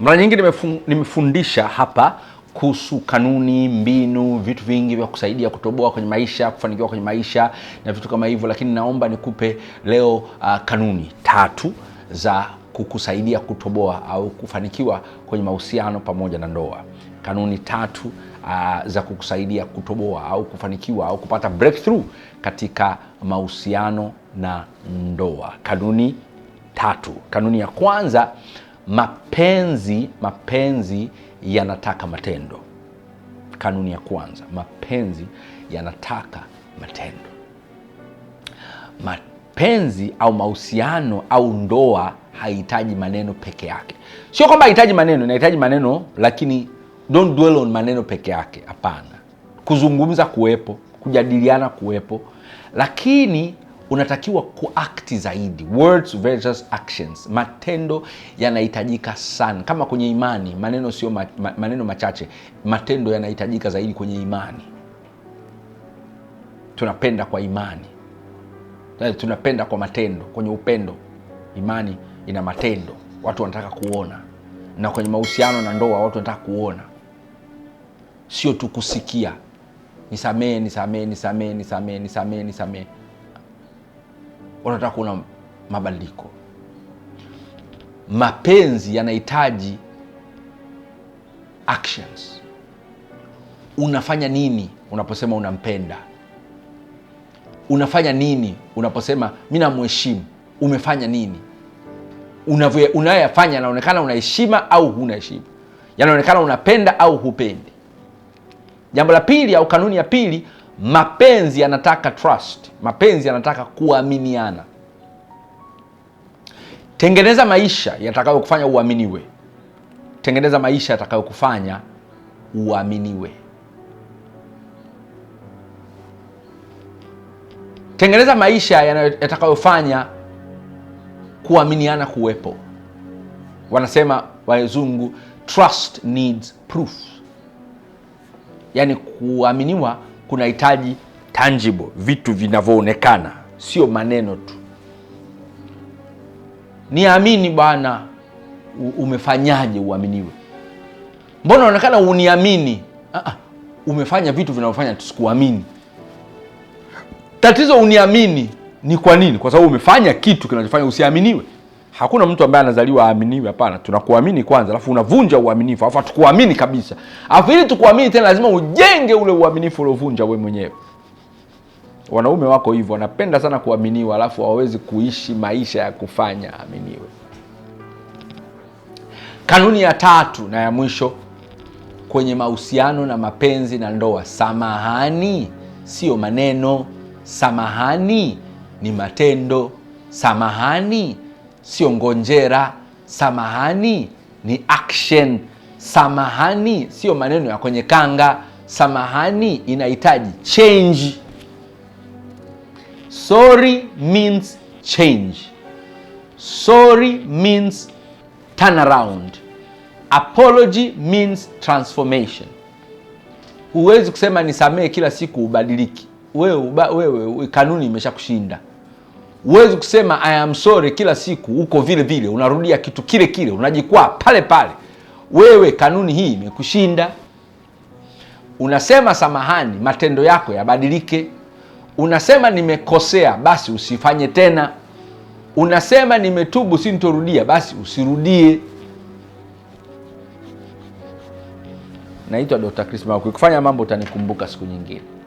Mara nyingi nimefundisha hapa kuhusu kanuni, mbinu, vitu vingi vya kusaidia kutoboa kwenye maisha, kufanikiwa kwenye maisha na vitu kama hivyo, lakini naomba nikupe leo uh, kanuni tatu za kukusaidia kutoboa au kufanikiwa kwenye mahusiano pamoja na ndoa. Kanuni tatu uh, za kukusaidia kutoboa au kufanikiwa au kupata breakthrough katika mahusiano na ndoa. Kanuni tatu. Kanuni ya kwanza Mapenzi, mapenzi yanataka matendo. Kanuni ya kwanza, mapenzi yanataka matendo. Mapenzi au mahusiano au ndoa haihitaji maneno peke yake. Sio kwamba hahitaji maneno, inahitaji maneno, lakini don't dwell on maneno peke yake. Hapana, kuzungumza kuwepo, kujadiliana kuwepo, lakini unatakiwa kuakti zaidi. Words versus actions, matendo yanahitajika sana. Kama kwenye imani, maneno sio ma, maneno machache, matendo yanahitajika zaidi kwenye imani. Tunapenda kwa imani, eh, tunapenda kwa matendo. Kwenye upendo, imani ina matendo, watu wanataka kuona, na kwenye mahusiano na ndoa, watu wanataka kuona, sio tu kusikia nisamee, nisamee, nisamee, nisamee, nisamee, nisamee wanataka kuona mabadiliko. Mapenzi yanahitaji actions. Unafanya nini unaposema unampenda? Unafanya nini unaposema mi namheshimu? Umefanya nini? Unayoyafanya yanaonekana unaheshima au huna heshima, yanaonekana unapenda au hupendi. Jambo la pili au kanuni ya pili Mapenzi yanataka trust, mapenzi yanataka kuaminiana. Tengeneza maisha yatakayokufanya uaminiwe, tengeneza maisha yatakayokufanya uaminiwe. Tengeneza maisha yatakayofanya kuaminiana kuwepo. Wanasema wazungu, trust needs proof, yaani kuaminiwa kunahitaji tangible, vitu vinavyoonekana, sio maneno tu. Niamini Bwana. Umefanyaje uaminiwe? Mbona unaonekana uniamini? Ah, umefanya vitu vinavyofanya tusikuamini. Tatizo uniamini ni kwa nini? Kwa sababu umefanya kitu kinachofanya usiaminiwe. Hakuna mtu ambaye anazaliwa aaminiwe. Hapana, tunakuamini kwanza, alafu unavunja uaminifu, alafu hatukuamini kabisa, alafu ili tukuamini tena lazima ujenge ule uaminifu uliovunja we mwenyewe. Wanaume wako hivyo, wanapenda sana kuaminiwa, alafu hawawezi kuishi maisha ya kufanya aaminiwe. Kanuni ya tatu na ya mwisho kwenye mahusiano na mapenzi na ndoa, samahani sio maneno. Samahani ni matendo. Samahani sio ngonjera. Samahani ni action. Samahani sio maneno ya kwenye kanga. Samahani inahitaji change. Sorry means change. Sorry means turn around Apology means transformation. Huwezi kusema nisamehe kila siku ubadiliki. Wewe, wewe kanuni imeshakushinda. Huwezi kusema I am sorry kila siku, uko vile vile, unarudia kitu kile kile, unajikwaa pale pale. Wewe kanuni hii imekushinda. Unasema samahani, matendo yako yabadilike. Unasema nimekosea, basi usifanye tena. Unasema nimetubu, sintorudia, basi usirudie. Naitwa Dr. Chris Mauki. Ukifanya mambo utanikumbuka siku nyingine.